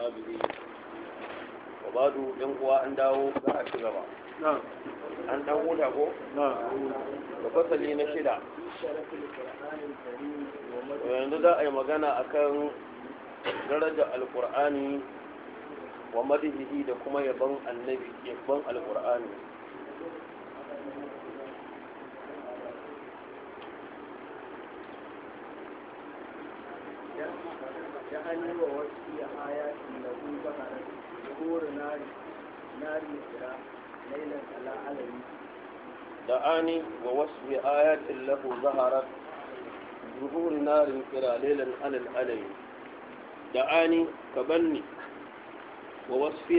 hadiri ba ba du ɗin kuwa an dawo za a ci gaba an ɗan huda ko? da fasali na shida yanzu za a yi magana a kan darajar Alƙur'ani wa madihihi da kuma yabon Alƙur'ani. nari nari kira lailan ala'alari da ani wa wasu bi ayatin lahu zaharar zuhuri nari kira lailan ala'alari da ani ka banni wa wasu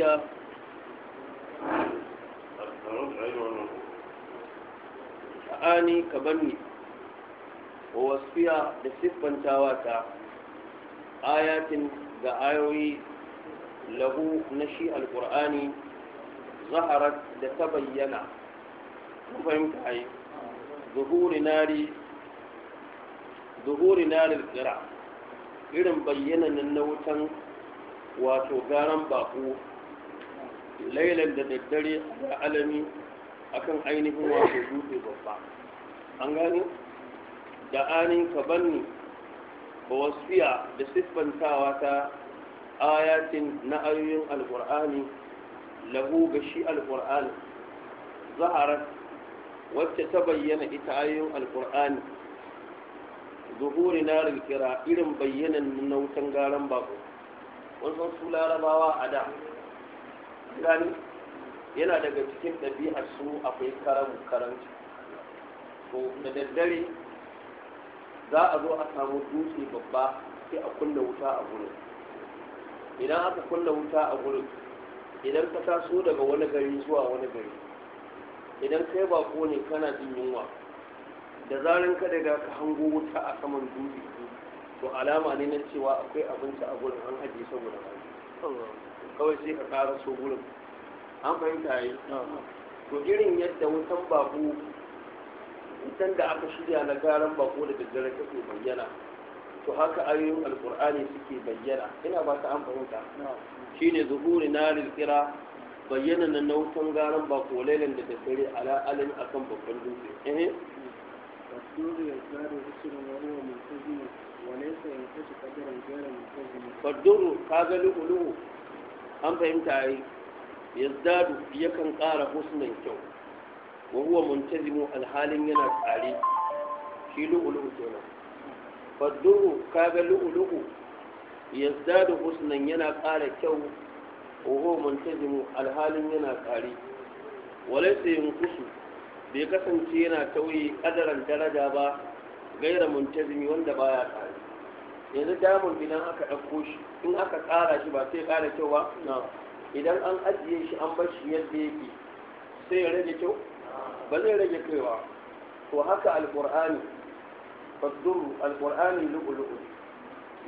wasu fiya da siffantawa ta ayatin ga ayoyi lahu na shi alƙur'ani zaharar da ta bayyana kun fahimta ai zuhuri nari zuhuri tsira irin bayyana na wutan wato garan baƙo lailan da daddare a alami akan ainihin wato dutse babba an gani da anin ka banni ba wasfiya da siffantawa ta ayatin na ayoyin alƙur'ani lahu ga shi alƙur'ani zaharar wacce ta bayyana ita ayoyin alƙur'ani zuhuri na rikira irin bayyanan na wutan garan bako wasu su larabawa a da gani yana daga cikin ɗabi'ar su akwai karamu karanci da daddare za a zo a samu dutse babba sai a kunna wuta a gurin idan aka kunna wuta a gurin idan ka taso daga wani gari zuwa wani gari idan kai bako ne kana jin yunwa da zarin ka daga ka hango wuta a saman dutse to alama ne na cewa akwai abinci a gurin an ajiye saboda kawai sai ka ƙara so gurin an fahimta yi to irin yadda wutan babu wutan da aka shirya na garan bako da daddare take bayyana to haka ayoyin alkur'ani suke bayyana ina ba ta an fahimta ne zuhuri na rikira bayyana na nautan garan ba ko lailan da dare ala alin akan babban dutse eh ka kaga lu'ulu an fahimta yi yazdadu yakan ƙara husnan kyau wa huwa muntazimu alhalin yana tsari. shi lu'ulu kenan fadduhu kaga lu'ulu'u da husnan yana ƙara kyau oho muntazimu alhalin yana ƙari walaysa yunkusu bai kasance yana tauye kadaran daraja ba gaira muntazimi wanda baya ƙari yanzu damun idan aka ɗauko shi in aka ƙara shi ba sai ƙara kyau ba idan an ajiye shi an bar shi yadda yake sai ya rage kyau ba zai rage kaiwa to haka alƙur'ani فالدر القرآن لؤلؤ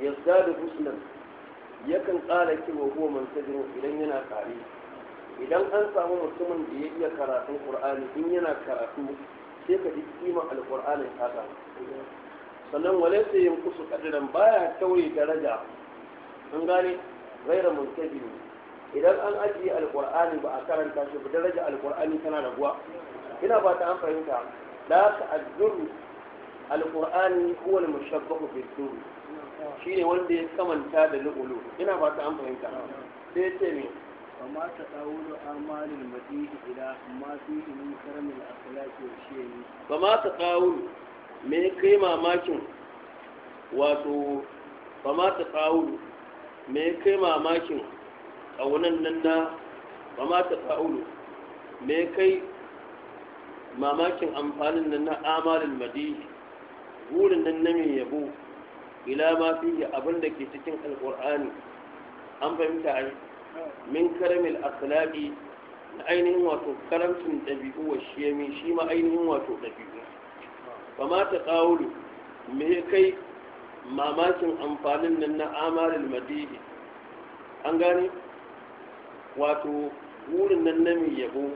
يزداد حسنا yakan ƙara kiwo huwa mantajin idan yana ƙare idan an samu mutumin da ya iya karatun ƙur'ani in yana karatu sai ka ji kima haka sannan wale sai yin kusu kadiran baya kauye daraja an gane gaira muntajin idan an ajiye alƙur'ani ba a karanta shi ba daraja alƙur'ani tana raguwa ina ba ta an fahimta da alƙur'ani huwa al-mushabbahu bi shi ne wanda ya kamanta da lu'ulu ina fata an fahimta sai ce ne me ma ta da amalin madihi ila ma fihi min karamin akhlaqi wa shayni ba ma ta dawulu me kai mamakin wato ba ma ta dawulu me kai mamakin kaunan nan na ba ma ta dawulu me kai mamakin amfanin nan na amalin madihi burin nan na mai yabo ila ma fiye abin da ke cikin alƙur'ani an fahimta ai min karamil akhlaqi na ainihin wato karamcin ɗabi'u wa shiyami shi ma ainihin wato ɗabi'u fa ma ta qawlu me kai mamakin amfanin nan na amalul madidi an gane wato burin nan na mai yabo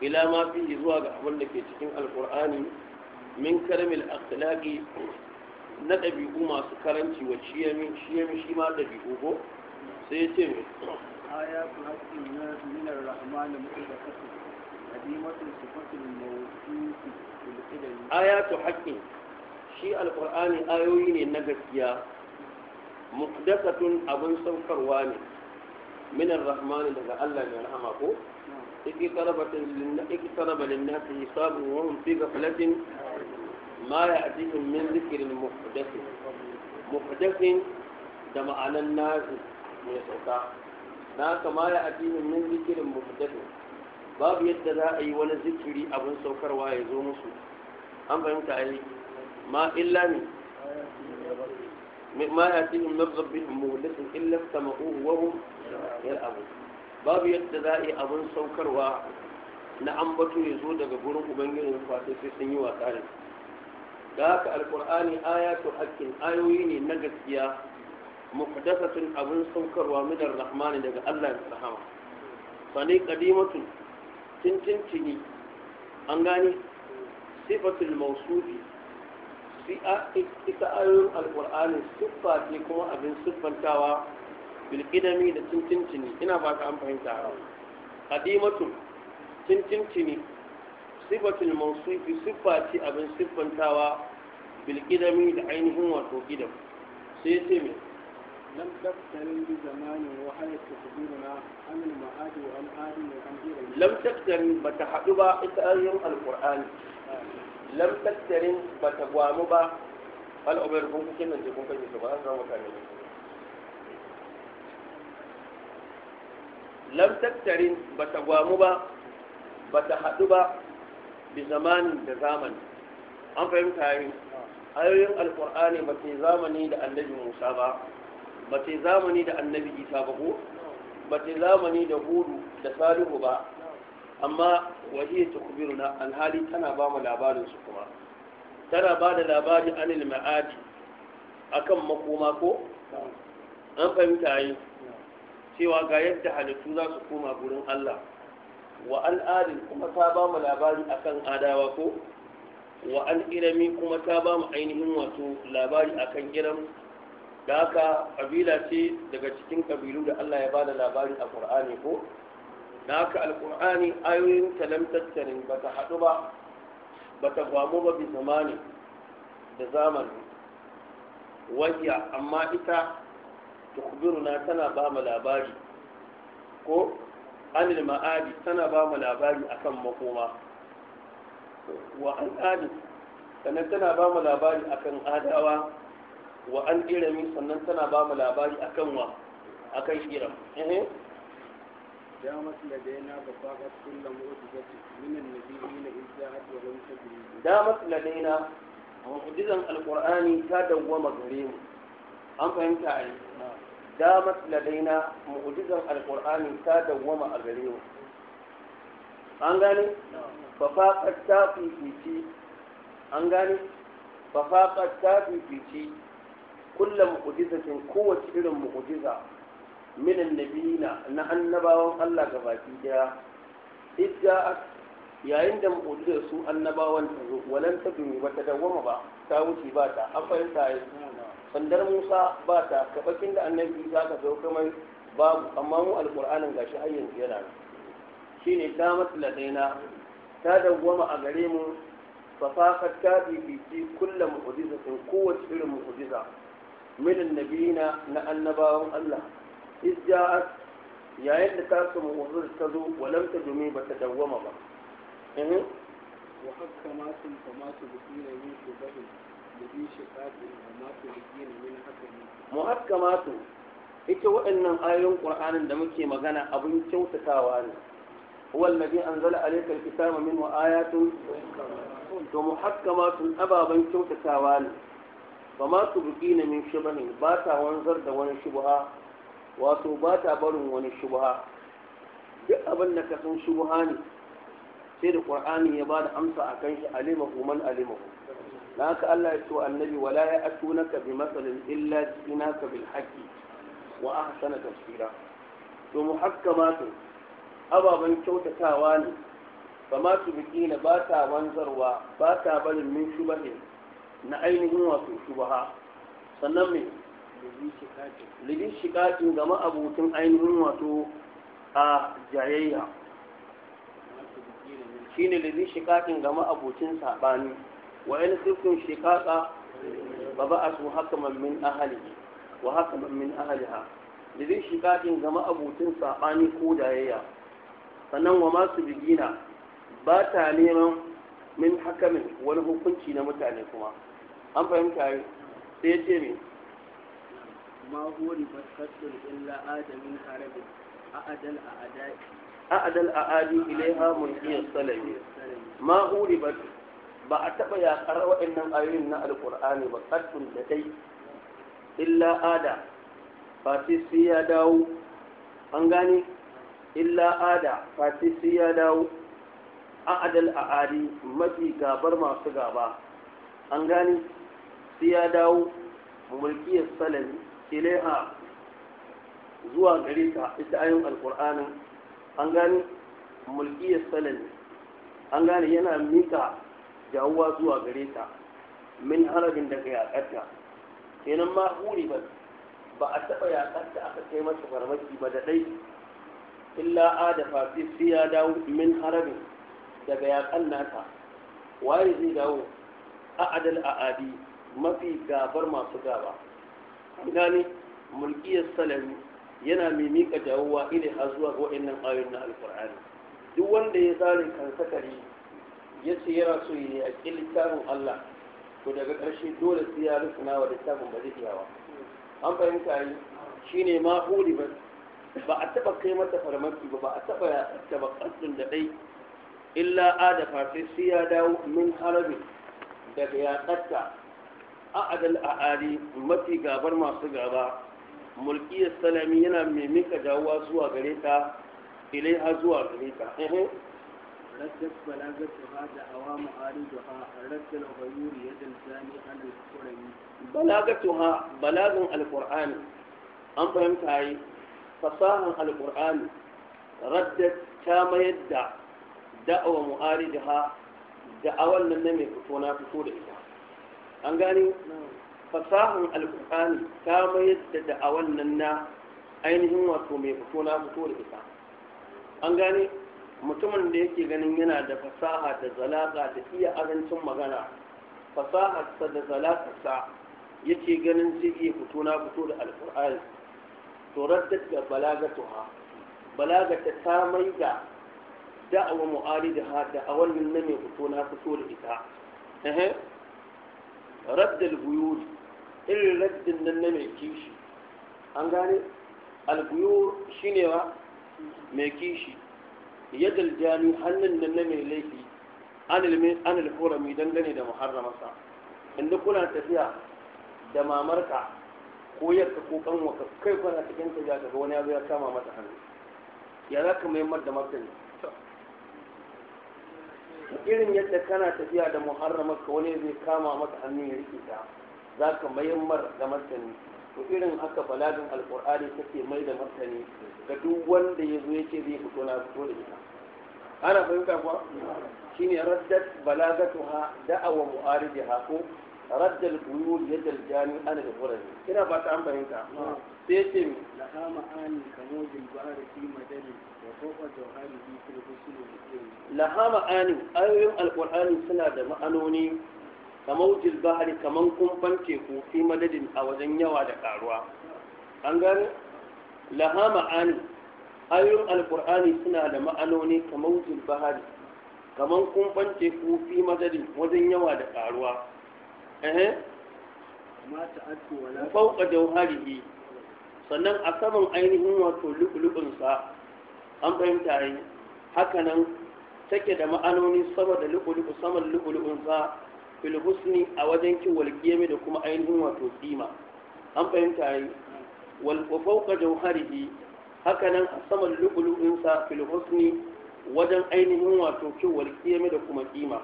ila ma fi zuwa ga abin da ke cikin alkur'ani min karamil akhlaqi na ɗabi'u masu karanci wa shiyami shi ma ɗabi'u ko sai ya ce mai ayatu haqqin min ar-rahman mutlaqatu hadimatu sifatul mawsufi bil qidam ayatu haqqin shi Alƙur'ani ayoyi ne na gaskiya muqaddatun abin saukarwa ne min ar-rahman daga Allah mai rahama ko اقترب للناس حسابهم وهم في غفلة ما يأتيهم من ذكر محدث محدث da ma'anar nazi mai sauka na kama ya min zikirin muhdathin babu yadda za a yi wani zikiri abin saukarwa ya zo musu an fahimta a yi ma illa ne ma ya addinin babu yadda za a yi abin saukarwa na ambato ya zo daga gurin ubangijin fata sai sun yi wasa da da haka alkur'ani to hakkin ayoyi ne na gaskiya muqaddasatun abin saukarwa minar rahmani daga Allah ya rahama sani qadimatun tintintini an gane sifatul mawsufi ita ayoyin alkur'ani siffa ce kuma abin siffantawa bilkidami da tintintini ina ba ka an fahimta qadimatu tintintini sifatul mawsufi siffa ce abin siffantawa bilkidami da ainihin wato gidan, sai ya ce me lam taqtarin bi zamanin wa hayat tadbiruna an al ma'ad wa al adi wa an ghayri lam taqtarin bata hadu ba ita ayoyin alqur'ani lam taqtarin bata gwamu ba al ubayr kun kin nan je kun kai su ba an zama kare lam tattarin ba ta gwamu ba ba ta haɗu ba bi zamanin da zamani an fahimta yi ayoyin alkur'ani ba ta zamani da annabi musa ba ba ta zamani da annabi isa ba ko ba ta zamani da hudu da salihu ba amma wahiyar ta na alhali tana ba mu labarin su kuma tana ba da labari anil ma'adi akan makoma ko an fahimta yi cewa ga yadda halittu za su koma gurin Allah wa al'adin kuma ta ba mu labari akan adawa ko wa al’irami kuma ta ba mu ainihin wato labari akan iram da haka ƙabila ce daga cikin ƙabilu da Allah ya ba da labari a ƙur'ani ko da haka alƙur'ani ayoyin talam ba ta haɗu ba ba ta gwamu ba bi zamani da zamani wajiya amma ita tukbiruna tana ba mu labari ko anil ma'adi tana ba mu labari akan makoma wa an adi sannan tana ba mu labari akan adawa wa an irami sannan tana ba mu labari akan wa akan iram eh دامت لدينا بطاقة كل معجزة من النبيين إذ جاءت ولم تدري دامت لدينا معجزا القرآن تدوم غريم أم فهمت عليه damat ladaina mu'jizan alqur'ani ta dawwama a gare mu an gane fa faqat ta fifici an gane fa faqat ta fifici kullu mu'jizatin kowace irin mu'jiza min annabiyina na annabawan Allah gabaki daya idda yayin da mu'jizar su annabawan ta zo walan ta dumi ba ta dawwama ba ta wuce ba ta akwai ta yi sandar musa ba ta kafakin da annabi za ka sauka mai babu amma mu alƙur'anin gashi har yanzu yana shi ne ta matsala daina ta dawwama a gare mu fasahar ta bibici kulla mu'ujizatin kowace irin mu'ujiza min annabiyina na annabawan Allah izja'at yayin da ta samu mu'ujizar ta zo walam ta dumi ba ta dawwama ba wa hakka ma sun kama su bi ne min shugabi muhakkamatu ita waɗannan ayoyin ƙur'anin da muke magana abin kyautatawa ne huwa alladhi anzala alayka alkitaba minhu ayatun to muhakkamatun ababan kyautatawa ne ba ma tubqina min shubahin ba ta wanzar da wani shubha wato ba ta barin wani shubha duk abin da ka san shubha ne sai da ƙur'ani ya ba da amsa akan shi alimahu man alimahu dan haka Allah ya ce wa annabi wala ya atunaka bi masalin illa jinaka bil haqqi wa ahsana tafsira to muhakkamatu ababan kyautatawa ne kama su biki na ba ta wanzarwa ba ta barin min shubahin na ainihin wato shubaha sannan mai libin shiƙaƙin ga ma'abutin ainihin wato a jayayya shine libin shiƙaƙin ga ma'abutin saɓani wa in sifin shikaka ba a su haka mammin ahali ha dirin shikakin gama abutin saɓani ko dayayya? yaya sannan wa masu bigina ba ta neman min hakamin wani hukunci na mutane kuma an fahimta yi sai ce min ma huwa ni fasfasir illa adamin harabin a'adal a'adai a'adal a'adi ilaiha mulkiyar salami ma huwa ba a taɓa yaƙar waɗannan ayoyin na alƙur'ani ba ƙarfin da dai illa ada ba sai ya dawo an gane illa ada ba sai ya dawo a a'adi mafi gabar masu gaba an gane sai ya dawo mulkiyar salami ilaiha zuwa gare ta ita ayin alƙur'anin an gane mulkiyar salami an gane yana mika jawuwa zuwa gare ta min harabin daga yaƙarta kenan ma huri ba ba a taɓa yaƙarta aka kai masa farmaki ba da ɗai illa adafa fi sai ya dawo min harabin daga yaƙan nata waye zai dawo a adal a adi mafi gabar masu gaba an mulkiyar salami yana mai mika jawuwa ile har zuwa ga waɗannan ayoyin na alƙur'ani duk wanda ya zare kansa kare ya ce yana so ya yaƙi littafin Allah ko daga ƙarshe dole sai ya rusuna wa littafin ba zai iyawa an fahimta yi shine ma huli ba ba a taɓa kai mata farmaki ba ba a taɓa taɓa ƙasdin da ɗai illa adafa sai sai ya dawo min harabi daga yaƙarta a adal a ali mafi gabar masu gaba mulkiyar salami yana mai mika dawowa zuwa gare ta ilai ha zuwa gare ta رجت بلاغتها دعوى معارضها رد الغيور يد الزاني عن القرآن بلاغتها بلاغ القرآن أم فهمت هاي فصاحا القرآن ردت كما يدع دعوى معارضها دعوى من نمي فتونا فتور إذا أن قالوا fasahan alkur'ani ta mayar da da'awan nan na ainihin wato mai fito na fito da ita an gane mutumin da yake ganin yana da fasaha da zalaka da iya azancin magana fasaharsa da zalakarsa yake ganin zai iya fito na fito da alkur'ani to raddat da balagatuha balagata ta mai da da'awa mu'ali da ha wannan nan mai fito na fito da ita raddal buyuri irin raddin nan na mai kishi an gane albuyur shine wa mai kishi yadda aljami hannun nan na mai laifi an alhurami dangane da muharramarsa inda kuna tafiya da mamarka ko yarka ko kanwaka kai kwana cikin ta ya ga wani abu ya kama mata hannu ya za ka maimar da martani irin yadda kana tafiya da muharramarka wani zai kama mata hannu ya rike ta za ka maimar da martani to irin haka baladin alkur'ani take mai da martani ga duk wanda ya zo yake zai fito na fito da ita ana fahimta kuwa shine raddat balagatuha da'awa mu'aridiha ko رد البيوت da الجاني انا بفرج كده بقى تعمل فهمت سيتم لها معاني كموج البحر في مدن وفوق جوهره في الغسل لها ani ayoyin suna da ma'anoni kamaujil bahari kamar kumfan teku fi madadin a wajen yawa da karuwa an gani laha ma'ani ayoyin alkur'ani suna da ma'anoni kamaujil bahari kamar kumfan teku fi madadin wajen yawa da karuwa ehe fauka jauharihi sannan a saman ainihin wato lukulukunsa an fahimta yi hakanan take da ma'anoni sama da lukulubu saman lukulubinsa filhusni a wajen kin wal da kuma ainihin wato kima an fahimta yi wal fawqa jawharihi hakanan a saman lu'lu'in sa fil wajen ainihin wato kin wal da kuma kima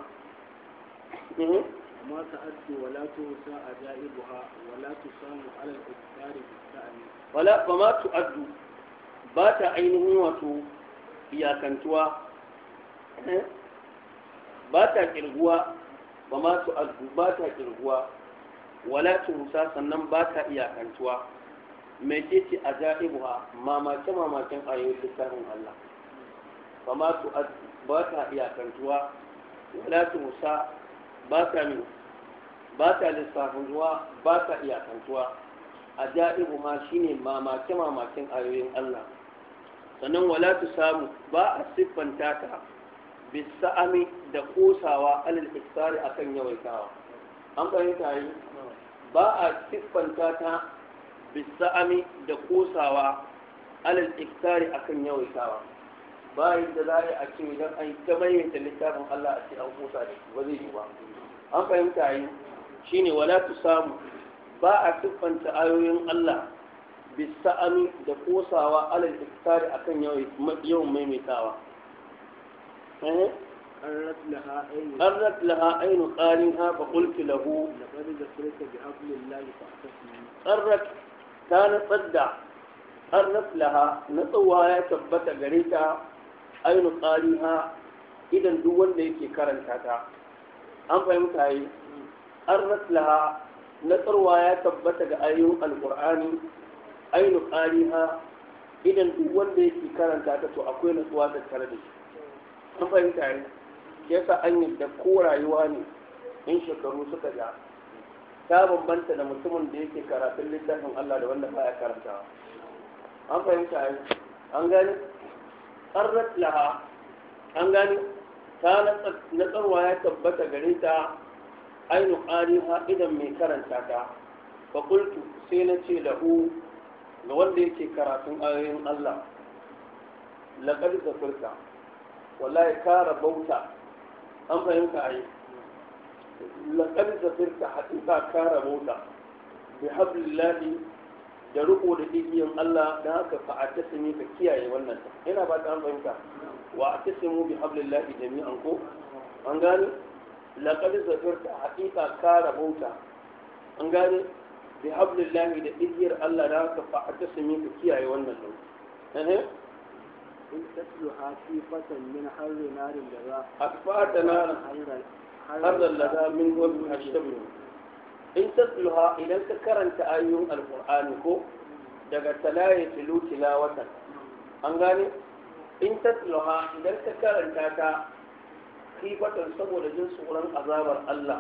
ما تأدي ولا تنسى أجائبها ولا تسام على الإبتار بالتأمين wala ba ma ba ta ainihin wato iyakantuwa eh? ba ta kirguwa ba ma su ƙirguwa ba ta kirguwa sannan ba ta iyakantuwa mai ce ce a ja'ibuwa mamace mamacen ayoyin littafin Allah ba ma su addu ba ta iyakantuwa wala tuhusa ba ta min ba ta lissafin ruwa ba ta iyakantuwa a ja'ibu ma shine mamace mamacen ayoyin Allah sannan wala tu samu ba a siffanta ta bisa'ami da kosawa alal iksari akan yawaitawa an fahimta yi ba a siffanta ta bisa'ami da kosawa alal iksari akan yawaitawa bayan da za a ce idan an ta maimaita littafin Allah a ce an kosa da shi ba zai yi ba an fahimta yi ne wala tu samu ba a siffanta ayoyin Allah bisa'ami da kosawa alal iksari akan yawan maimaitawa قرت لها عين قارنها فقلت له لقد ذكرت بحبل الله فاعتصم قرت كان صدع قرت لها نطوى يا ثبت idan duk wanda yake karanta ta an fahimta yi hmm. an raslaha natsarwa ya tabbata ga ayoyin alkur'ani ainu ƙariha idan duk wanda yake karantata. to akwai natsuwa da tare sun fahimta ya yasa an yi da ko rayuwa ne in shekaru suka ja ta bambanta da mutumin da yake karatun littafin Allah da wanda baya karanta, an fahimta tare an gani qarrat laha an gani ta natsarwa ya tabbata gare ta ainu ha idan mai karanta ta ba kultu sai na ce lahu ga wanda yake karatun ayoyin Allah laqad zakarta wallahi ka bauta, an fahimta a yi laƙar zafirka haƙiƙa ka rabauta bi hablillahi da riko da igiyan Allah da haka fa a tasimi ka kiyaye wannan ina ba ta an fahimta wa a tasimu bi hablillahi jami'an ko an gane laƙar zafirka haƙiƙa ka bauta, an gane bi hablillahi da igiyar Allah da haka fa a tasimi ka kiyaye wannan lokaci in tatluha fi fatan min harri narin da za akfata narin harran da za min wani in tatluha idan ka karanta ayoyin alqur'ani ko daga talaye tilu tilawata an gane in ha idan ka karanta ta fatan saboda jin tsoron azabar Allah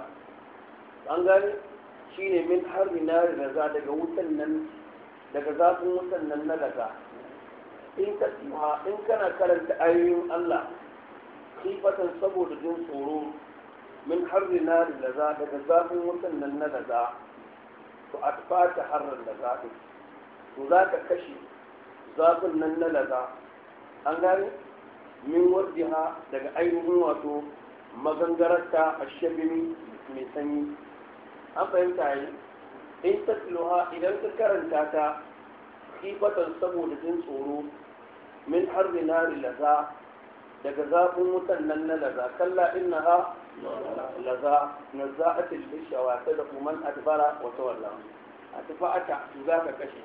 an gane shine min harri narin da za daga wutan nan daga zafin wutan nan na daga in ka tsima in kana karanta ayoyin Allah sifatan saboda jin tsoro min harri na laza daga zafin wutan nan na laza to a fata harran za din to za ka kashe zafin nan na laza an gani min ha daga ainihin wato magangararta a shabini mai sanyi an fahimta yi in tsiloha idan ka karanta ta sifatan saboda jin tsoro من حر نار لذا تجذاب متنن لذا كلا إنها لذا نزاعة البشة واعتدق من أدبر وتولى أتفع تعتذاك كشي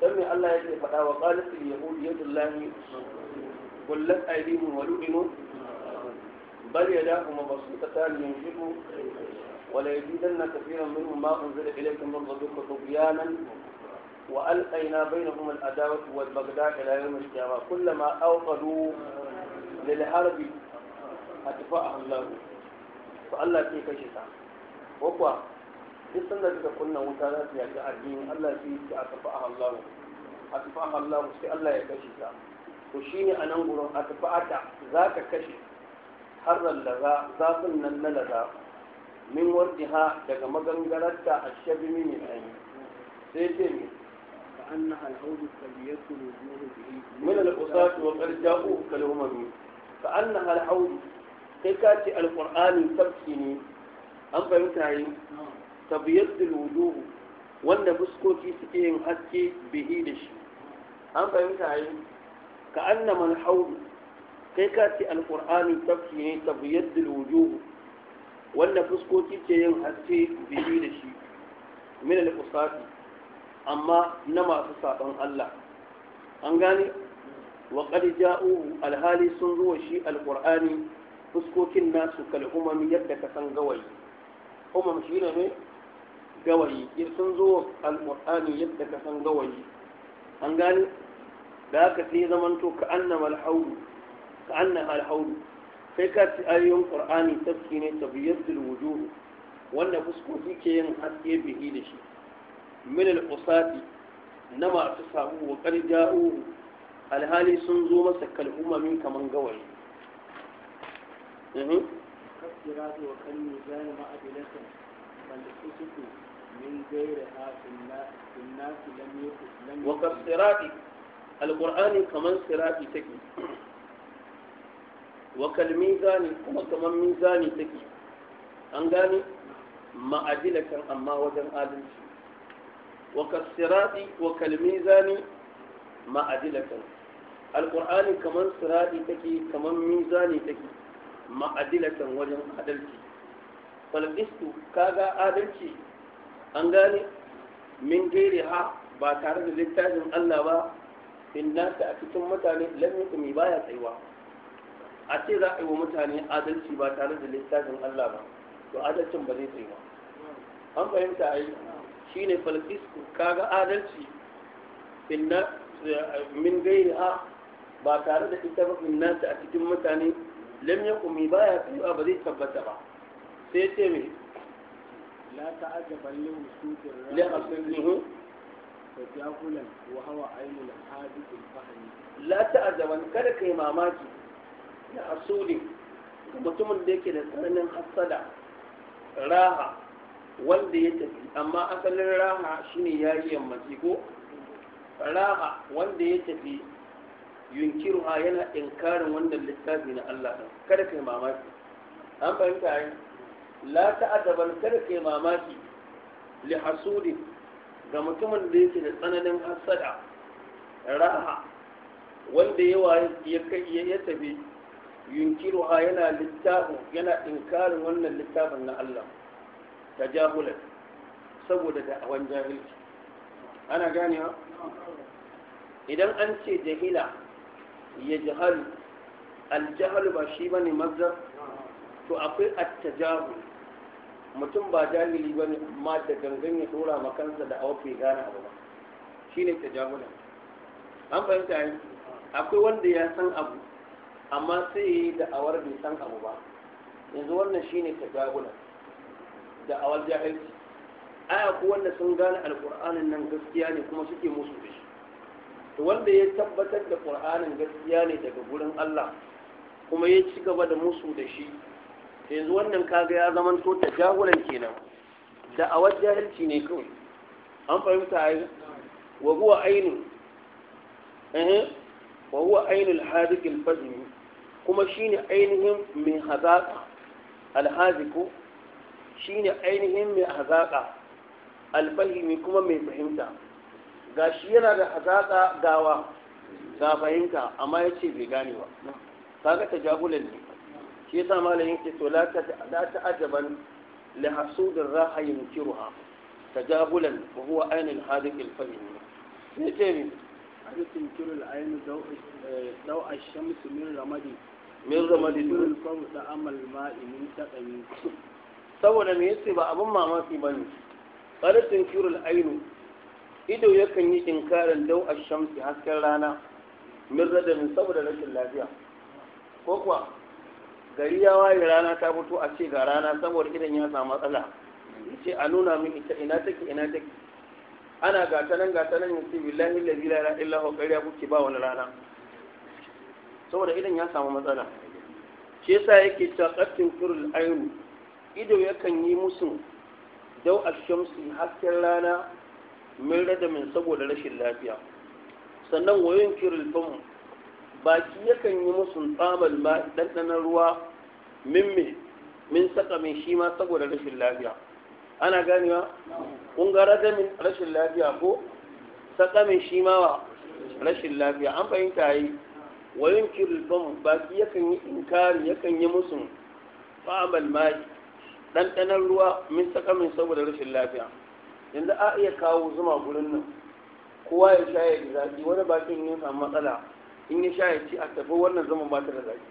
تمي الله يجري فتا وقالت اليهود يد الله كلت لك أيديهم ولؤنوا بل يداه مبسوطتان ينجبوا وليزيدن كثيرا منهم ما أنزل إليكم من ربكم طغيانا وألقينا بينهم الأداوة والبغداء إلى يوم القيامة كلما أوقدوا للحرب أدفعها الله فالله في كشفها وقوى duk sanda suka kunna wuta za su yaƙi addini Allah sai ya atfa'a Allah atfa'a Allah sai Allah ya kashe ta to shine a nan gurin atfa'ata za ka kashe har lallaza zafin nan na laza min wardiha daga a sai وأنها العود فليكن الوجوه به من العصاة وقد كلهما القرآن أم تبيض الوجوه yin haske bihi da shi an haudu kai ka ce alkur'ani tafki wanda fuskoki ke yin haske bihi da shi amma na masu saɓon Allah an gane wa ja'u alhali sun zuwa shi alƙur'ani fuskokin nasu kal'umami yadda ka san gawayi umam shi ne ne? gawayi sun zo alƙur'ani yadda ka san gawayi an gane da haka sai zamanto ka annama alhauru ka annama alhauru sai ka ci ayoyin ƙur'ani tafki ne ta wujuhu wanda fuskoki ke yin haske bihi da shi من القصاة نما اعتصابه وقد جاءوه الهالي سنزوما سكل هما منك من قوي نعم كفرات من غيرها في الناس لم يكن وقد صراط القرآن كمان صراط تكي وكل ميزان كما كمان ميزاني تكي أنغاني ما أدلتم أما وجن آدلتم وكالصراط وكالميزان معدلة القرآن كمان صراط تكي كمان ميزان تكي معدلة وجن عدلتي فالقسط كاغا عدلتي أنغاني من غيرها ba tare da littafin Allah ba in a cikin mutane lam yakumi baya tsayuwa a ce za a yi wa mutane adalci ba tare da Allah ba to adalcin ba zai tsayu an fahimta a yi shine falkisku kaga adalci inna min ha ba tare da ita ba inna ta a cikin mutane lam ba baya fi ba zai tabbata ba sai ce mai la ta'ajaban li wusudin ra'i li aslihi tajahulan wa hawa la kada mamaki na asuli mutumin da yake da tsananin hasada raha wanda ya tafi amma asalin raha shine ya yi yammaci ko raha wanda ya tafi yunkiruha yana inkarin wannan littafi na Allah ɗin kada kai mamaki an fahimta ai la ta'adaban kada kai mamaki li hasudi ga mutumin da yake da tsananin hasada raha wanda yawa ya kai ya tafi yunkiruha yana littafin yana inkarin wannan littafin na Allah tajahulan saboda da'awan jahilci ana ganewa idan an ce jahila ya jahalu aljahalu ba shi bane mazdar to akwai attajahul mutum ba jahili bane amma da gangan ya dora makansa da awa bai gane abu ba shine tajahulan an fahimta yi akwai wanda ya san abu amma sai da awar bai san abu ba yanzu wannan shine tajahulan da awal jahilci aya ku wanda sun gane alƙur'anin nan gaskiya ne kuma suke musu da shi to wanda ya tabbatar da ƙur'anin gaskiya ne daga gurin Allah kuma ya ci gaba da musu da shi yanzu wannan kaga ya zama to da jahulan kenan da awal jahilci ne kawai an fahimta ai wa huwa ainu eh wa huwa ainu al fazmi kuma shine ainihin min hadaka al shine ainihin mai hazaƙa alfahimi kuma mai fahimta ga shi yana da hazaƙa gawa ga fahimta amma ya ce bai gane ba kaga ta jagulan ne shi yasa malamin ke to la ta ajaban li hasudin raha yunkiruha jagulan wa huwa ainihin hadiq alfahimi ne ce ne hadiq kirul ainihin ainu dau min ramadi min ramadi yunkiru al da amal ma'i min saboda me yace ba abin mamaki bane qad tunkiru al-ayn ido yakan yi inkarin dau ash-shamsi hasken rana min radabin saboda rashin lafiya ko kuwa gari ya waye rana ta fito a ce ga rana saboda idan ya samu matsala ce a nuna min ita ina take ina take ana gata nan gata nan yace billahi la ilaha illa huwa qariya kuke ba wani rana saboda idan ya samu matsala shi yasa yake ta qattin furul ayn ido yakan yi musu dau a shamsi hasken rana rada min saboda rashin lafiya sannan wayin kirilfin baki yakan yi musu tsamal ma ɗanɗanar ruwa min min saka min shi ma saboda rashin lafiya ana ganewa kun ga rada min rashin lafiya ko saka min shi ma wa rashin lafiya an fahimta yi wayin kirilfin baki yakan yi inkari yakan yi musu tsamal mai ɗanɗanar ruwa min min saboda rashin lafiya yanzu a iya kawo zuma gurin nan kowa ya sha ya zaki, wani bakin ya samu matsala in ya sha ya ci a tafi wannan zaman ba ta da zaki.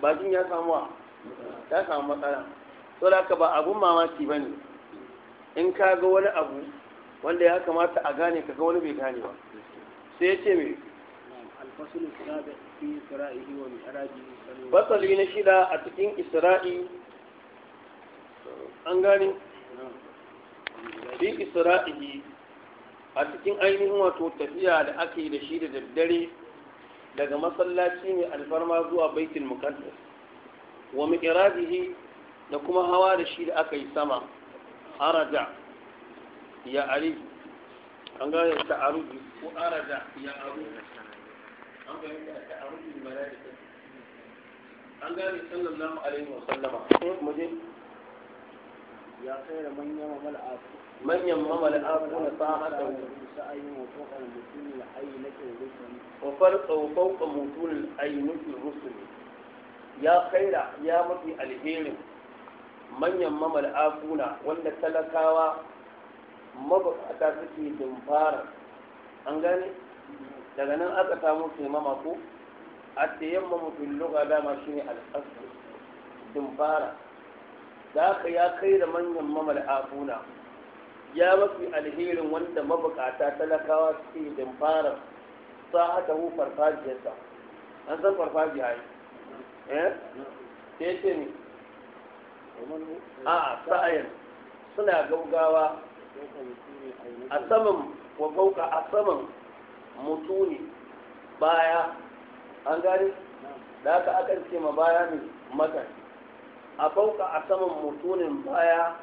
bakin ya samu ya samu matsala to da ba abun mamaki ba ne in ka ga wani abu wanda ya kamata a gane ka ga wani bai gane ba sai ya ce mai fasali na shida a cikin isra'i an gane fi isra'ihi a cikin ainihin wato tafiya da ake da shi da daddare daga masallaci mai alfarma zuwa baitul muqaddas wa miqrajihi da kuma hawa da shi da aka yi sama araja ya ari an gane ta aruji ko araja ya aruji an ya ta aruji malaika an gane sallallahu alaihi wa sallama mu je ya kai da manyan mamala'afu manyan mamala'afu na sa'ada wa sa'ayin wa fawqa mutunil aynati rusuli wa farqa wa fawqa mutunil aynati rusuli ya kaira ya mafi alherin manyan mamal'afuna wanda talakawa mabukata suke dumfara an gane daga nan aka samu taimama ko a tayammamu fil lugha dama shine al-asr dumfara da haka ya kai da manyan mamal'afuna ya mafi alherin wanda mabukata talakawa suke din fara sa aka hu farfajiyarsa an san farfajiya yi eh sai ce ne a sa'ayin suna gaugawa a saman wa gauka a saman mutuni baya an gane da aka aka ce ma baya ne matan a fauka a saman mutunin baya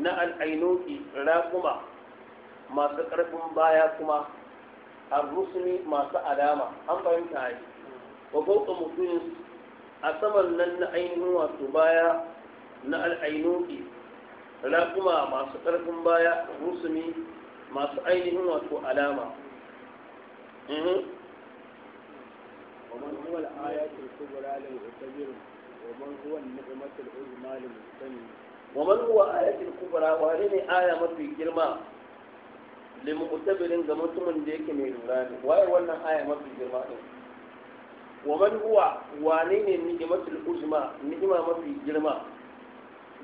na al'ainoki raƙuma masu ƙarfin baya kuma a rusuni masu alama an fahimta yi wa fauka mutunin a saman nan na ainihin wato baya na al'ainoki raƙuma masu ƙarfin baya rusuni masu ainihin wato alama ومن هو الآيات الكبرى للمعتبر ومن هو النعمة العظمى للمسلم ومن هو آية الكبرى وهذه آية ما في جرمى لمؤتبر كما تمن ديك من الغالي وهي ولا آية ما في جرمى ومن هو وانين النعمة العظمى نعمة ما في جرمى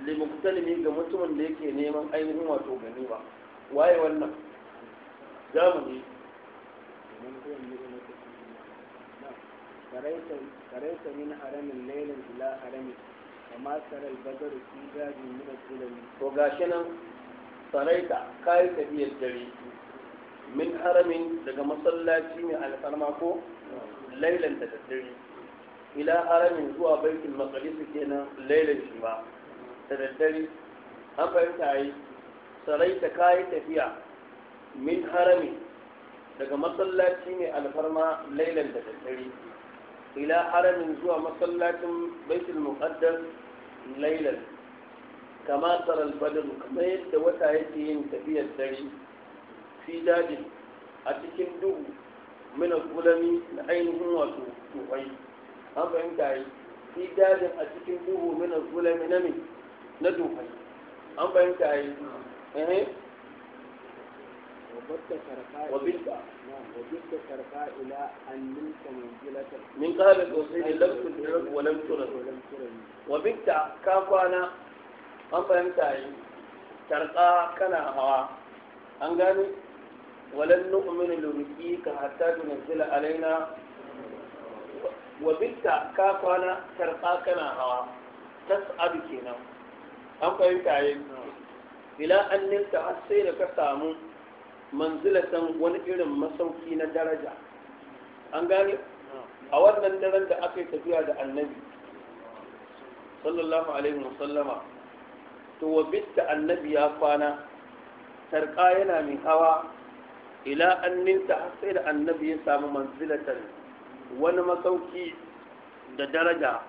لمؤتلم كما تمن ديك نيمان أيهما توقع غنيمة وهي ولا جامعي ومن هو النعمة سريت من حرم الليل إلى حرمك وما سرى البدر في باب من الظلم وغاشنا سريت كاي تبي الدري من حرم daga masallaci mai alfarma ko lailan da daddare ila haramin zuwa baitul maqdis kenan lailan shi ba da daddare an fahimta yi saraita kayi tafiya min harami daga masallaci mai alfarma lailan da daddare ila haramin zuwa masallacin baitul muqaddas lailan kama tsaral badr kamar yadda wata yake yin tafiyar dare fi dajin a cikin duhu min al-gulami na ainihin wato tuhai an fahimta yi fi dajin a cikin duhu min al-gulami na min na tuhai an fahimta yi وبدك نعم، إلى من قبل الوصيد لم تدرك ولم ترد وبدك كان أم فهمتاي ترقى كان هوا أنقاني ولن نؤمن لرقيك حتى تنزل علينا وبدك كان ترقى كان هوا تسأل كنا أم فهمتاي نعم. إلى أن نلتعسي لك سامو manzilatan wani irin masauki na daraja an gane a wannan daren da aka yi tafiya da annabi sallallahu alaihi wasallama to wa bitta annabi ya kwana sarƙa yana mai hawa ila anninta har sai da annabi ya samu manzilatan wani masauki da daraja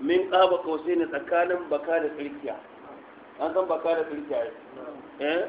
min ƙaba kausai ne tsakanin baka da tsirkiya an san baka da tsirkiya eh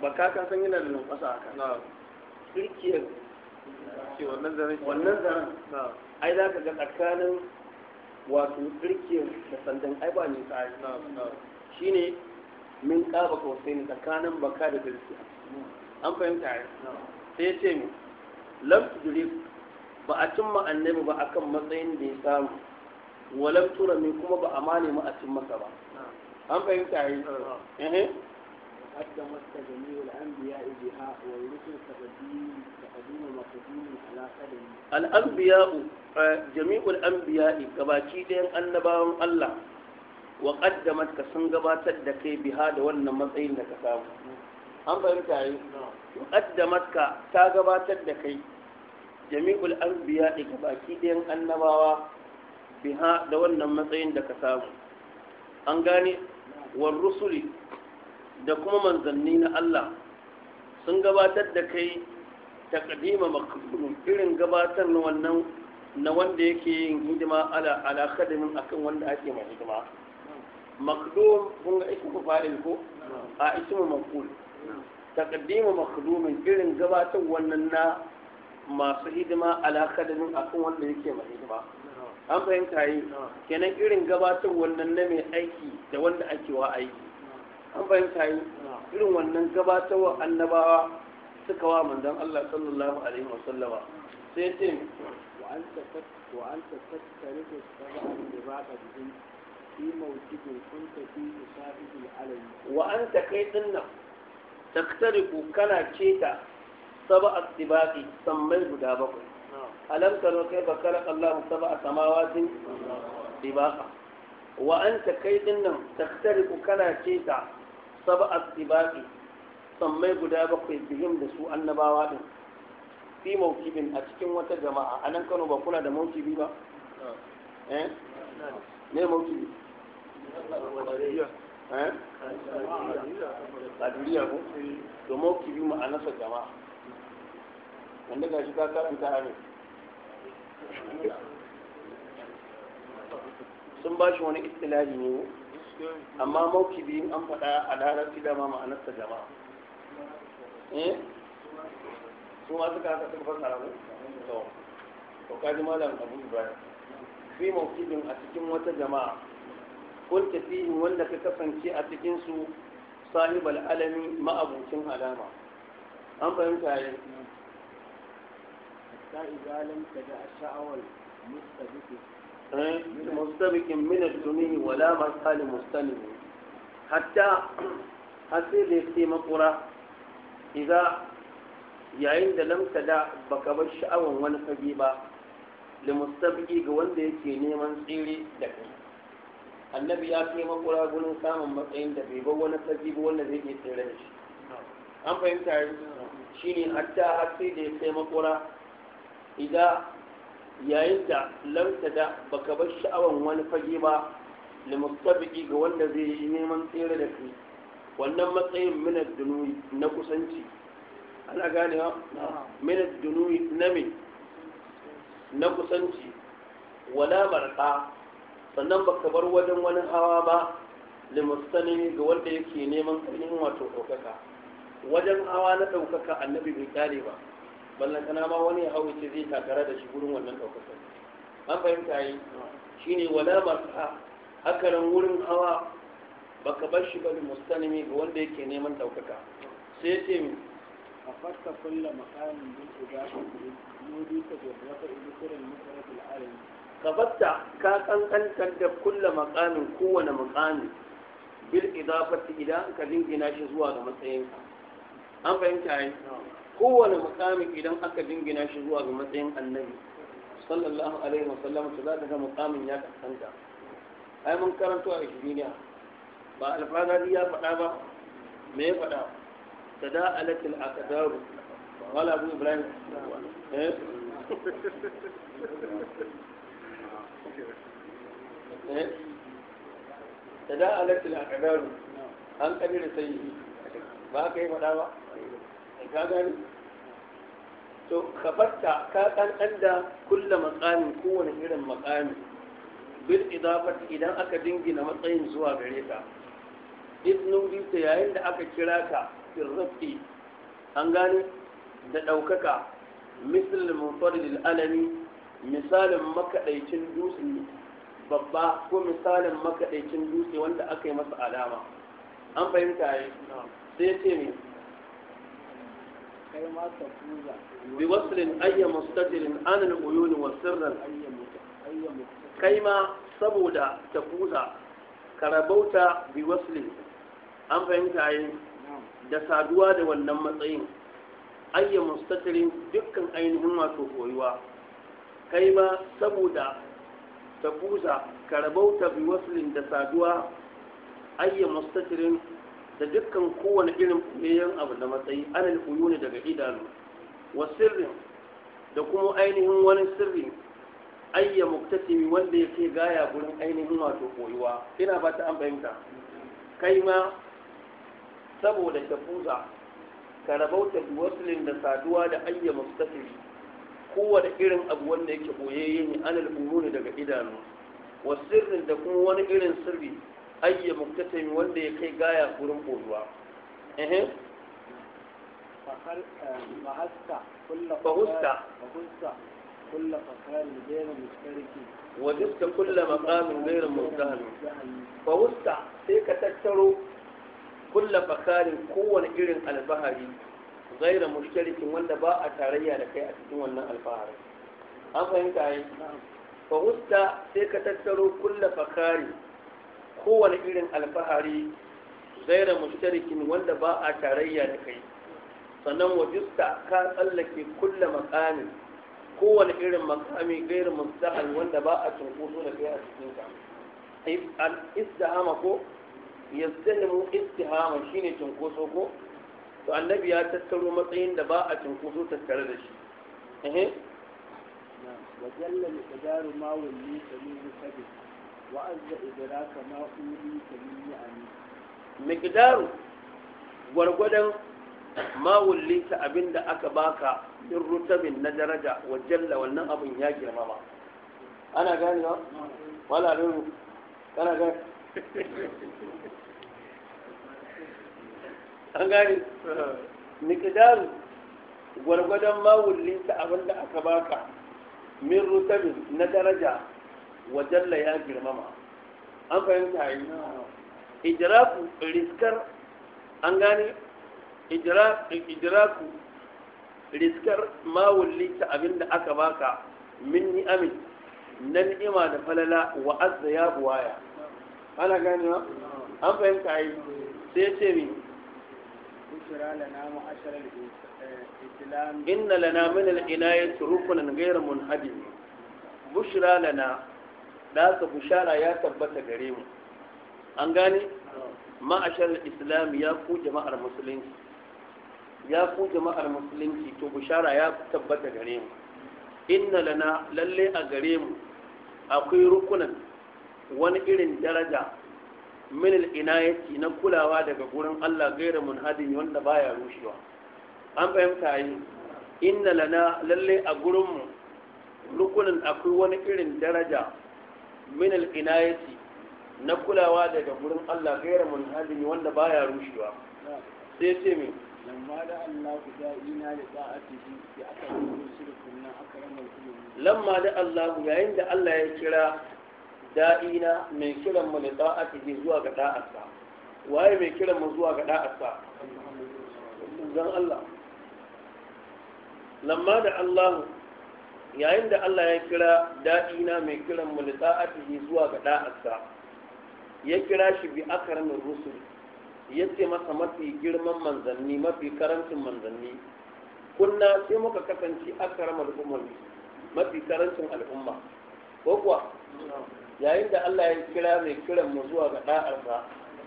ba ka san yana da numfasa haka tsirkiyar wannan zaren ai za ka ga tsakanin wato tsirkiyar da sandan ai ba ne tsari shi ne min ƙaba kawai ne tsakanin baka da tsirkiya an fahimta ya sai ya ce mu lam ba a cimma annabi ba a kan matsayin da ya samu walam tura min kuma ba a ma nemi a cin masa ba an fahimta yi eh hadda wasta jami'ul anbiya ijiha wa rusul taqdim taqdim wa taqdim ala qadami al anbiya eh, jami'ul anbiya gabaki dayan annabawan Allah wa qaddamat ka sun gabatar da kai biha da wannan matsayin da ka samu an fahimta yi qaddamat ka ta gabatar da kai jami'ul anbiya gabaki dayan annabawa biha da wannan matsayin da ka samu an gane war rusuli da kuma manzanni na Allah sun gabatar da kai taqdima maqbul irin gabatar na wannan na wanda yake yin hidima ala ala khadimin akan wanda ake mai hidima maqdum kun ga ismu fa'il ko a ismu maqul taqdimu maqdumin irin gabatar wannan na masu hidima ala khadimin akan wanda yake mai hidima an fahimta yi kenan irin gabatar wannan na mai aiki da wanda ake wa aiki an fahimta yi irin wannan gabatarwa annabawa suka wa manzon Allah sallallahu alaihi wasallama sai ce wa an tattare da sabon da ba ka jikin fi mawjidin kunta fi sahibul alayhi wa anta kai dinnan taktariku kana keta sab'a tibaqi sammai guda bakwai alam taro kai ba kala Allah saba a samawatin dibaqa wa an ta kai tattari ku kana ce ta saba a dibaqi sammai guda bakwai bihim da su annabawa din fi mawkibin a cikin wata jama'a a nan Kano ba kula da mawkibi ba eh ne mawkibi eh kadiriya ko to mawkibi ma'anarsa jama'a wanda gashi ta karanta ne sun ba shi wani istilahi ne amma maukibi an faɗa a larabci dama ma'anarsa jama'a eh? su ma suka haka suka fasara mu to to kaji malam abu ibrahim fi mawqidin a cikin wata jama'a kun tafihi wanda ka kasance a cikin su sahibal alami ma'abucin alama an fahimta yayin مستبك من الدنيا ولا مسأل مستلم حتى حسير يسي مقرى إذا yayin da lam da baka bar sha'awan wani fage ba li mustabqi ga wanda yake neman tsere da kai annabi ya kai makura gurin samun matsayin da bai bar wani fage ba wanda zai iya tsere da shi an fahimta yanzu shine hatta har sai da ya kai makura idan yayin da lamta da baka bar sha'awan wani fage ba limustabiki ga wanda zai yi neman tsere da kai wannan matsayin minar dunuyi na kusanci ana ganewa minar dunuyi na me na kusanci wala marka sannan baka bar wajen wani hawa ba limustani ga wanda yake neman ainihin wato ɗaukaka wajen hawa na ɗaukaka annabi bai kare ba ballan kana ma wani ya hau ce zai takara da shi gurin wannan ɗaukakar an fahimta yi shine wala a hakanan wurin hawa baka bar shi bari mustanimi ga wanda yake neman ɗaukaka sai ce mi a farka kulla makamin bin idafa nuri ta jarrafa ilikurin mutarar al'alami ka batta ka kankanta da kulla makamin kowane makamin bil idafati idan ka gina shi zuwa ga matsayinka an fahimta yi kowane mukami idan aka jingina shi zuwa ga matsayin annabi sallallahu alaihi wa sallam to za ka ga mukamin ya kasanta ai mun karanto a ishiriniya ba alfazari ya faɗa ba me ya faɗa tada alatil aqdaru wala abu ibrahim eh eh tada alatil aqdaru an kadir sayyi ba kai faɗa ba ka gani to ka farta ka kankan da kulla makamin kowane irin makami bil idafat idan aka dingina matsayin zuwa gare ka idnun bisa yayin da aka kira ka firrafi an gane da ɗaukaka misal munfarid alami misalin makaɗaicin dutse babba ko misalin makaɗaicin dutse wanda aka yi masa alama an fahimta yi sai ce ne biwaslin ayya mustatirin anil uyuni wa sirran kai ma saboda ta kuza karabauta biwaslin an fahimta da saduwa da wannan matsayin ayya mustatirin dukkan ainihin wato koyuwa kai ma saboda ta kuza karabauta biwaslin da saduwa ayya mustatirin da dukkan kowane irin kuleyen abu da matsayi anal uyuni daga idanu wa sirrin da kuma ainihin wani sirri ayya muktasimi wanda ya ke gaya gurin ainihin wato koyuwa ina ba ta ambayinta kai ma saboda shafuza ka rabauta wasulin da saduwa da ayya muktasimi kowane irin abu wanda yake koyayye ne anal uyuni daga idanu wa sirrin da kuma wani irin sirri ayya muktasimi wanda ya kai gaya gurin koyuwa ehe fahusta fahusta kulla fakarin gairar mustariki wajista kulla makamin gairar mustahami fahusta sai ka tattaro kulla fakarin kowane irin alfahari gairar mushtarikin wanda ba a tarayya da kai a cikin wannan alfaharin an fahimta yi fahusta sai ka tattaro kulla fakari kowane irin alfahari zaira mushtarikin wanda ba a tarayya da kai sannan wajista ka tsallake kulla makami kowane irin makami gaira mustahal wanda ba a cunkoso da kai a cikinsa al istihama ko yastahimu istihama shine cunkoso ko to annabi ya tattaro matsayin da ba a cunkoso tattare da shi eh wajalla li qadaru ma walli sami sabbi wa'azza idraka ma uli ta miqdaru gwargwadon ma abin da aka baka min rutabin na daraja wajalla wannan abin ya girma ba ana gane ba wala ruru kana gane an gane miqdaru gwargwadon ma abin abinda aka baka min rutabin na daraja wajalla ya girmama an fahimta yi idraku riskar an gane ijiraku, riskar ma wullita abinda aka baka min ni'amin na ni'ima da falala wa azza ya buwaya ana ganewa an fahimta yi sai ce min inna lana min al-inayati rukunan ghayr munhadim bushra lana da haka bushara ya tabbata gare mu an gane ma'ashar islam ya ku jama'ar musulunci ya ku jama'ar musulunci to bushara ya tabbata gare mu inna lana lalle a gare mu akwai rukunan wani irin daraja min al-inayati na kulawa daga gurin Allah gaira munhadin wanda baya rushewa an fahimta yi inna lana lalle a gurinmu mu rukunan akwai wani irin daraja min al-inayati na kulawa daga gurin Allah gairar munhalin wanda baya rushewa sai ce mai lamma da Allah yi shirkun lamma da Allah yayin da Allah ya kira da'ina mai kiran mu da da'atihi zuwa ga da'arsa waye mai kiran mu zuwa ga da'arsa dan Allah lamma da Allah yayin da Allah ya kira na mai kiran mu li zuwa ga da'arsa ya kira shi bi akramin rusul ya ce masa mafi girman manzanni mafi karancin manzanni kunna sai muka kasance akramul ummi mafi karancin al'umma ko kuwa yayin da Allah ya kira mai kiran mu zuwa ga da'arsa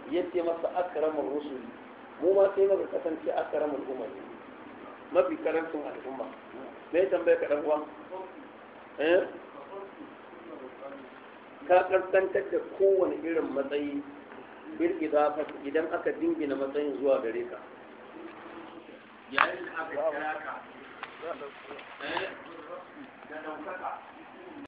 ya ce masa akramul rusul mu ma sai muka kasance akramul ummi mafi karancin al'umma me ya tambaya ka uwa eh? ka karkantar da kowane irin matsayi bil idafa idan aka dingina matsayin zuwa gare ka yayin da aka kira ka eh, da ɗaukaka